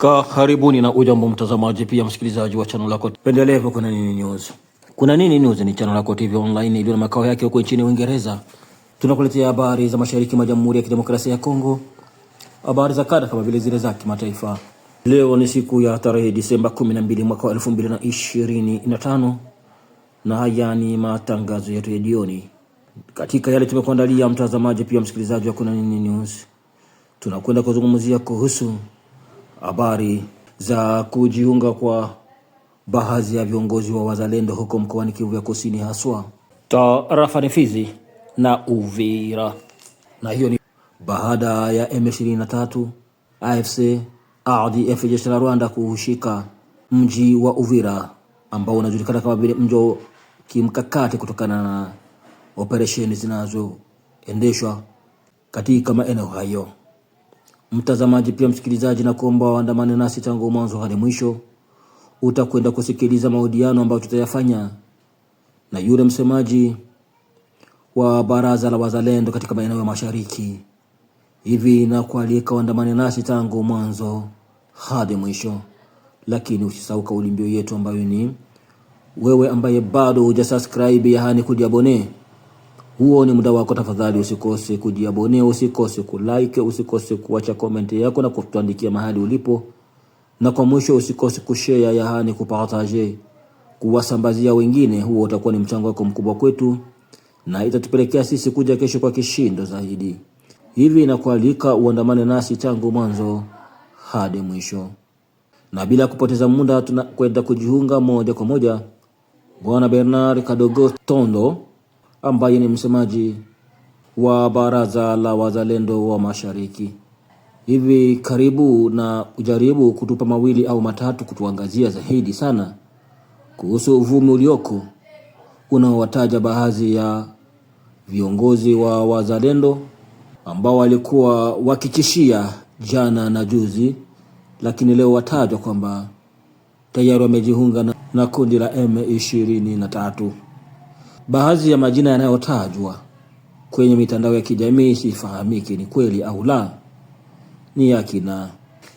Ka karibuni na ujambo mtazamaji, pia msikilizaji wa channel lako pendelevu Kuna Nini News. Kuna Nini News ni channel lako TV online iliyo na makao yake huko nchini Uingereza. Tunakuletea habari za mashariki mwa Jamhuri ya Kidemokrasia ya Kongo, habari za kada kama vile zile za kimataifa. Leo ni siku ya tarehe Disemba 12 mwaka wa 2025, na haya ni matangazo yetu ya jioni katika yale tumekuandalia mtazamaji, pia msikilizaji wa Kuna Nini News. Tunakwenda kuzungumzia kuhusu habari za kujiunga kwa baadhi ya viongozi wa wazalendo huko mkoani Kivu ya Kusini, haswa tarafa ni Fizi na Uvira. Na hiyo ni baada ya M23 AFC ADF jeshi la Rwanda kuushika mji wa Uvira ambao unajulikana kama vile mji wa kimkakati kutokana na operesheni zinazoendeshwa katika maeneo hayo. Mtazamaji pia msikilizaji, na kuomba waandamane nasi tangu mwanzo hadi mwisho. Utakwenda kusikiliza mahojiano ambayo tutayafanya na yule msemaji wa Baraza la Wazalendo katika maeneo ya Mashariki. Hivi na kualika waandamane nasi tangu mwanzo hadi mwisho, lakini usisahau kauli mbiu yetu ambayo ni wewe ambaye bado hujasubscribe, yaani kujiabonee huo ni muda wako, tafadhali usikose kujiabonea, usikose kulike, usikose kuacha komenti yako na kutuandikia mahali ulipo, na kwa mwisho usikose kushare, yaani kupartage, kuwasambazia wengine. Huo utakuwa ni mchango wako mkubwa kwetu na itatupelekea sisi kuja kesho kwa kishindo zaidi. Hivi inakualika uandamane nasi tangu mwanzo hadi mwisho, na bila kupoteza muda tunakwenda kujiunga moja kwa moja. Bwana Bernard Kadogo Tondo ambaye ni msemaji wa Baraza la Wazalendo wa Mashariki. Hivi karibu na ujaribu kutupa mawili au matatu kutuangazia zaidi sana kuhusu uvumi ulioko unaowataja baadhi ya viongozi wa wazalendo ambao walikuwa wakichishia jana na juzi, lakini leo watajwa kwamba tayari wamejiunga na, na kundi la M23. Baadhi ya majina yanayotajwa kwenye mitandao ya kijamii sifahamiki ni kweli au la, ni yakina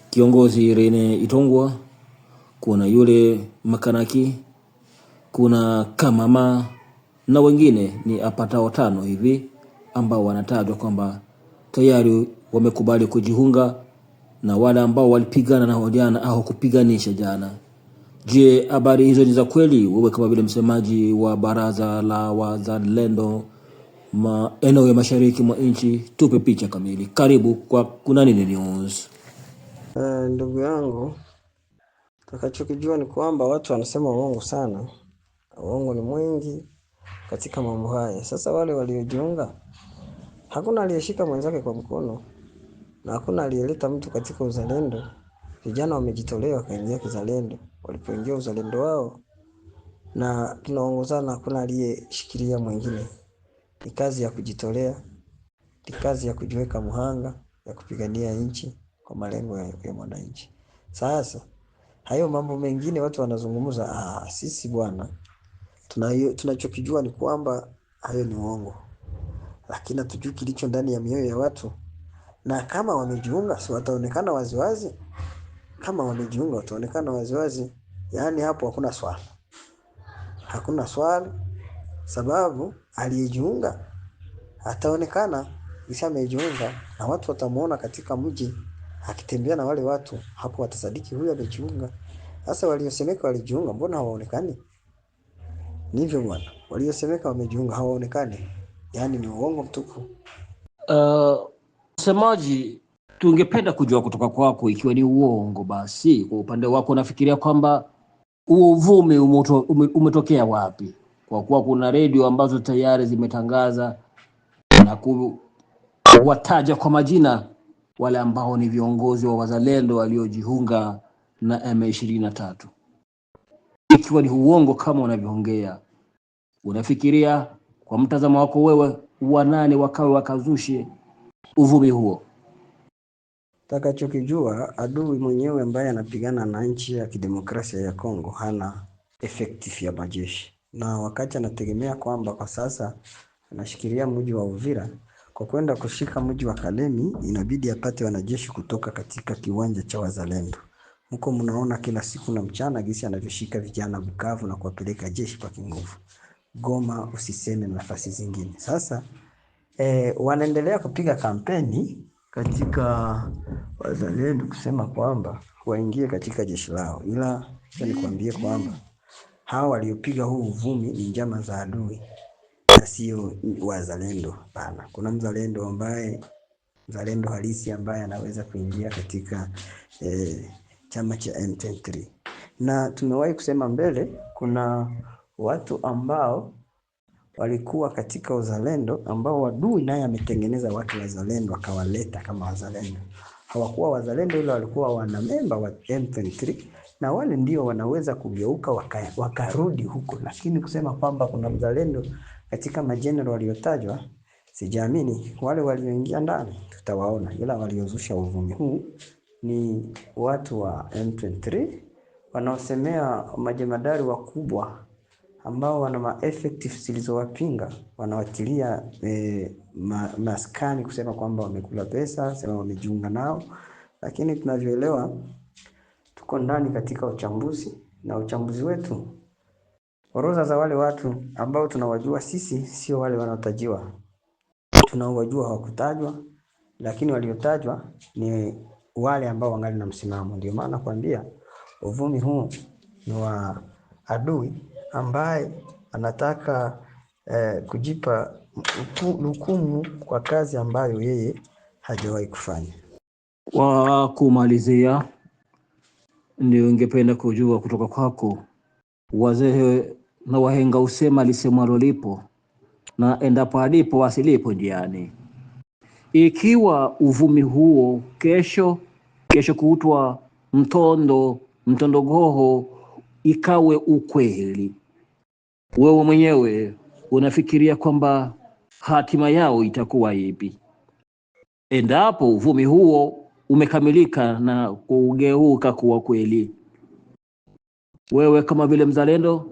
kiongozi Irene Itongwa, kuna yule Makanaki, kuna Kamama na wengine ni apatao tano hivi ambao wanatajwa kwamba tayari wamekubali kujiunga na wale ambao walipigana na jana au kupiganisha jana. Je, habari hizo ni za kweli? Wewe kama vile msemaji wa baraza la wazalendo maeneo ya mashariki mwa nchi, tupe picha kamili. Karibu kwa Kuna Nini News. Uh, ndugu yangu, takachokijua ni kwamba watu wanasema uongo sana, uongo ni mwingi katika mambo haya. Sasa wale waliojiunga, hakuna aliyeshika mwenzake kwa mkono na hakuna aliyeleta mtu katika uzalendo vijana wamejitolea wakaingia kizalendo. Walipoingia uzalendo wao na tunaongozana, hakuna aliyeshikilia mwingine. Ni kazi ya kujitolea, ni kazi ya kujiweka muhanga, ya kupigania nchi kwa malengo ya, ya mwananchi. Sasa hayo mambo mengine watu wanazungumza, ah, sisi bwana tunachokijua tuna ni kwamba hayo ni uongo, lakini hatujui kilicho ndani ya mioyo ya watu, na kama wamejiunga, si wataonekana waziwazi? Kama wamejiunga wataonekana waziwazi, yaani hapo hakuna swali, hakuna swali, sababu aliyejiunga ataonekana Isa amejiunga, na watu watamuona katika mji akitembea na wale watu, hapo watasadiki huyu amejiunga. Sasa waliosemeka walijiunga, mbona hawaonekani? Nivyo bwana, waliosemeka wamejiunga hawaonekani, yaani ni uongo mtupu. Uh, semaji tungependa kujua kutoka kwako ikiwa ni uongo, basi kwa upande wako unafikiria kwamba huo uvumi umetokea wapi? Kwa kuwa kuna redio ambazo tayari zimetangaza na kuwataja kwa majina wale ambao ni viongozi wa wazalendo waliojiunga na M23. Ikiwa ni uongo kama unavyoongea, unafikiria kwa mtazamo wako wewe, wanane wakawe wakazushe uvumi huo? Takachokijua adui mwenyewe ambaye anapigana na nchi ya kidemokrasia ya Kongo hana effective ya majeshi, na wakati anategemea kwamba kwa sasa anashikilia mji wa Uvira, kwa kwenda kushika mji wa Kalemi inabidi apate wanajeshi kutoka katika kiwanja cha Wazalendo. Mko mnaona kila siku na mchana gisi anavyoshika vijana Bukavu na kuwapeleka jeshi kwa kinguvu. Goma usiseme nafasi zingine. Sasa eh, wanaendelea kupiga kampeni katika wazalendo kusema kwamba waingie katika jeshi lao, ila nikuambie kwamba hawa waliopiga huu uvumi ni njama za adui na sio wazalendo. pana kuna mzalendo ambaye mzalendo halisi ambaye anaweza kuingia katika eh, chama cha M23 na tumewahi kusema mbele, kuna watu ambao walikuwa katika uzalendo ambao wadui naye ametengeneza watu wazalendo akawaleta kama wazalendo. Hawakuwa wazalendo, ila walikuwa wana memba wa M23 na wale ndio wanaweza kugeuka waka, wakarudi huko, lakini kusema kwamba kuna mzalendo katika majenerali waliotajwa sijaamini. Wale walioingia ndani tutawaona, ila waliozusha uvumi huu ni watu wa M23 wanaosemea majemadari wakubwa ambao wana maeffective zilizowapinga wanawatilia e, ma, maskani kusema kwamba wamekula pesa, sema wamejiunga nao, lakini tunavyoelewa tuko ndani katika uchambuzi na uchambuzi wetu, orodha za wale watu ambao tunawajua sisi sio wale wanaotajiwa. Tunaowajua hawakutajwa, lakini waliotajwa ni wale ambao wangali na msimamo. Ndio maana nakwambia uvumi huu ni wa adui ambaye anataka eh, kujipa hukumu kwa kazi ambayo yeye hajawahi kufanya. Kwa kumalizia, ndio ingependa kujua kutoka kwako, wazee na wahenga usema lisemwalo lipo na endapo alipo asilipo njiani. Ikiwa uvumi huo kesho kesho kutwa mtondo mtondogoho ikawe ukweli wewe mwenyewe unafikiria kwamba hatima yao itakuwa ipi endapo uvumi huo umekamilika na kugeuka kuwa kweli? Wewe kama vile mzalendo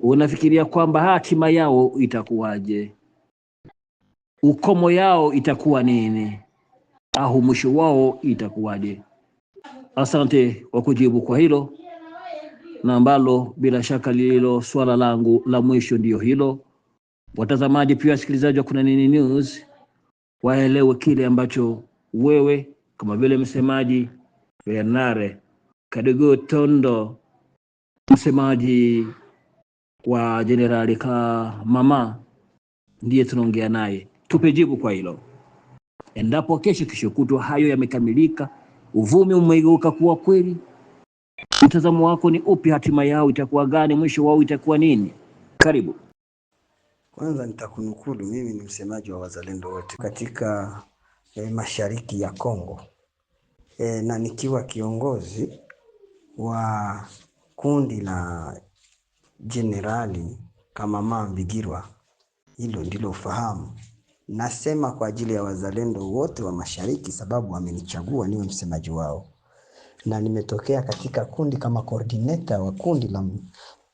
unafikiria kwamba hatima yao itakuwaje? Ukomo yao itakuwa nini? Au mwisho wao itakuwaje? Asante kwa kujibu kwa hilo na ambalo bila shaka lililo swala langu la mwisho ndiyo hilo. Watazamaji pia wasikilizaji wa Kuna Nini News waelewe kile ambacho wewe kama vile msemaji Bernare Kadogo Tondo, msemaji wa Jenerali mama ndiye tunaongea naye, tupe jibu kwa hilo. Endapo kesho kesho kutwa hayo yamekamilika, uvumi umeigeuka kuwa kweli Mtazamo wako ni upi? Hatima yao itakuwa gani? Mwisho wao itakuwa nini? Karibu. Kwanza nitakunukulu, mimi ni msemaji wa wazalendo wote katika eh, mashariki ya Kongo eh, na nikiwa kiongozi wa kundi la jenerali kama mama Mbigirwa. Hilo ndilo ufahamu. Nasema kwa ajili ya wazalendo wote wa mashariki, sababu wamenichagua niwe msemaji wao na nimetokea katika kundi kama coordinator wa kundi la,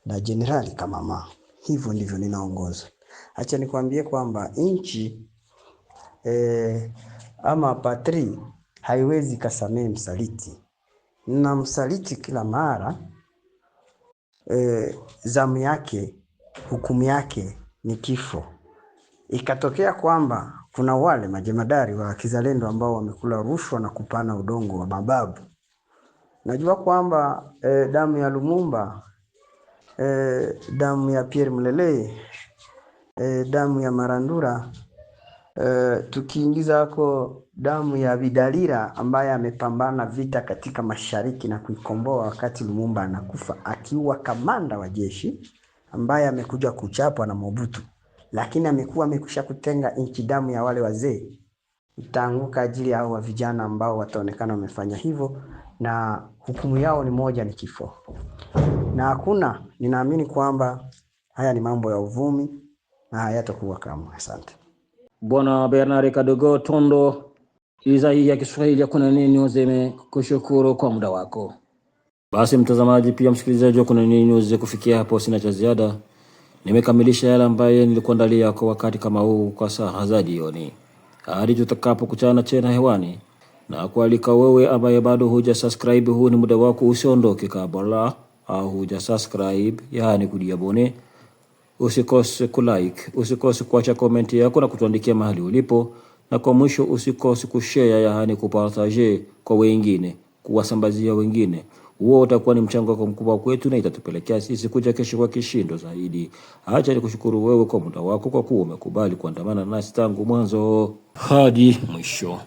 la generali kama ma. Hivyo ndivyo ninaongoza. Acha nikwambie kwamba nchi e, ama patri haiwezi kasamee msaliti na msaliti kila mara e, zamu yake hukumu yake ni kifo. Ikatokea kwamba kuna wale majemadari wa kizalendo ambao wamekula rushwa na kupana udongo wa mababu Najua kwamba e, damu ya Lumumba e, damu ya Pierre Mlele e, damu ya Marandura e, tukiingiza hako damu ya Vidalira ambaye amepambana vita katika mashariki na kuikomboa wakati Lumumba anakufa akiwa kamanda wa jeshi ambaye amekuja kuchapwa na Mobutu, lakini amekuwa amekwisha kutenga nchi. Damu ya wale wazee itaanguka ajili ya hao vijana ambao wataonekana wamefanya hivyo na hukumu yao ni moja, ni kifo. Na hakuna, ninaamini kwamba haya ni mambo ya uvumi na hayatakuwa kamwe. Asante Bwana Bernard Kadogo Tondo, idhaa hii ya Kiswahili ya Kuna Nini News imekushukuru kwa muda wako. Basi mtazamaji, pia msikilizaji wa Kuna Nini News, kufikia hapo sina cha ziada. Nimekamilisha yale ambayo nilikuandalia kwa wakati kama huu, kwa saa za jioni. Hadi tutakapokutana tena hewani na kualika wewe ambaye bado huja subscribe. Huu ni muda wako, usiondoke kabla au huja subscribe, yani kujiabone. Usikose kulike, usikose kuacha komenti yako na kutuandikia mahali ulipo, na kwa mwisho usikose kushare, yani kupartage kwa wengine, kuwasambazia wengine. Huo utakuwa ni mchango wako mkubwa kwetu na itatupelekea sisi kuja kesho kwa kishindo zaidi. Acha nikushukuru wewe kwa muda wako, kwa kuwa umekubali kuandamana nasi tangu mwanzo hadi mwisho.